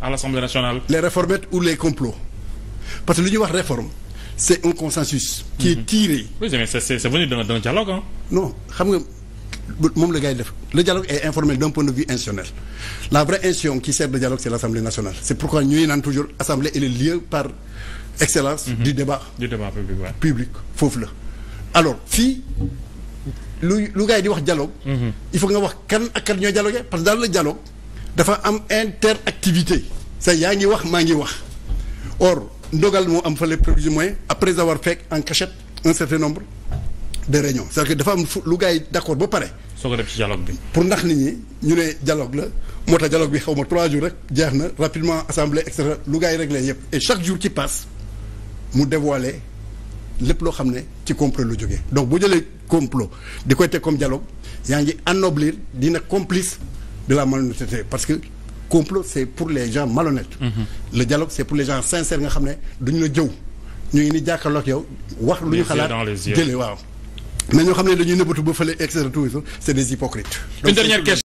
à l'Assemblée nationale. les réformettes ou les complots parce que lu ñuy wax réforme c'est un consensus. qui est mhm. tiré. oui mais c'est c'est dialogue non xam nga moom la gars def le dialogue est informel d'un point de vue institutionnel la vraie institution ki sert de dialogue c'est l'Assemblée nationale. c'est pourquoi ñuy naan toujours assemblée est le lieu par excellence. Mhm. du débat public foofu la alors fii. lu lu gars di wax dialogue. Mhm. il faut nga wax kan ak kan ñoo dialogué parce que dans le dialogue. dafa am interactivité sa yaa ngi wax maa ngi wax or ndogal moo am fa les produits moyens après avoir fait en cachette un certain nombre de réunions cest à dafa am fu lu gars yi d'accord ba pare. soo ko def ci dialogue bi. pour ndax nit ñi ñu ne dialogue la moo tax dialogue bi xaw ma trois jours rek jeex na rapidement assemblée et cetera lu gars yi réglé yëpp et chaque jour ci passe mu dévoilé lépp loo xam ne ci complot lu jóge donc bu jëlee complot di koy teg comme dialogue yaa ngi ennoblir dina complice. de la malhonnêteté parce que complot c'est pour les gens malhonnêtes. Mhm. le dialogue c'est pour les gens sincères nga xam ne duñu la jëw ñu ngi ni jàkkaarloog yow. wax lu ñu xalaat jëlee waaw. mais ñoo xam ne dañuy nëbbatu ba fële et cetera tout c'est des hypocrites.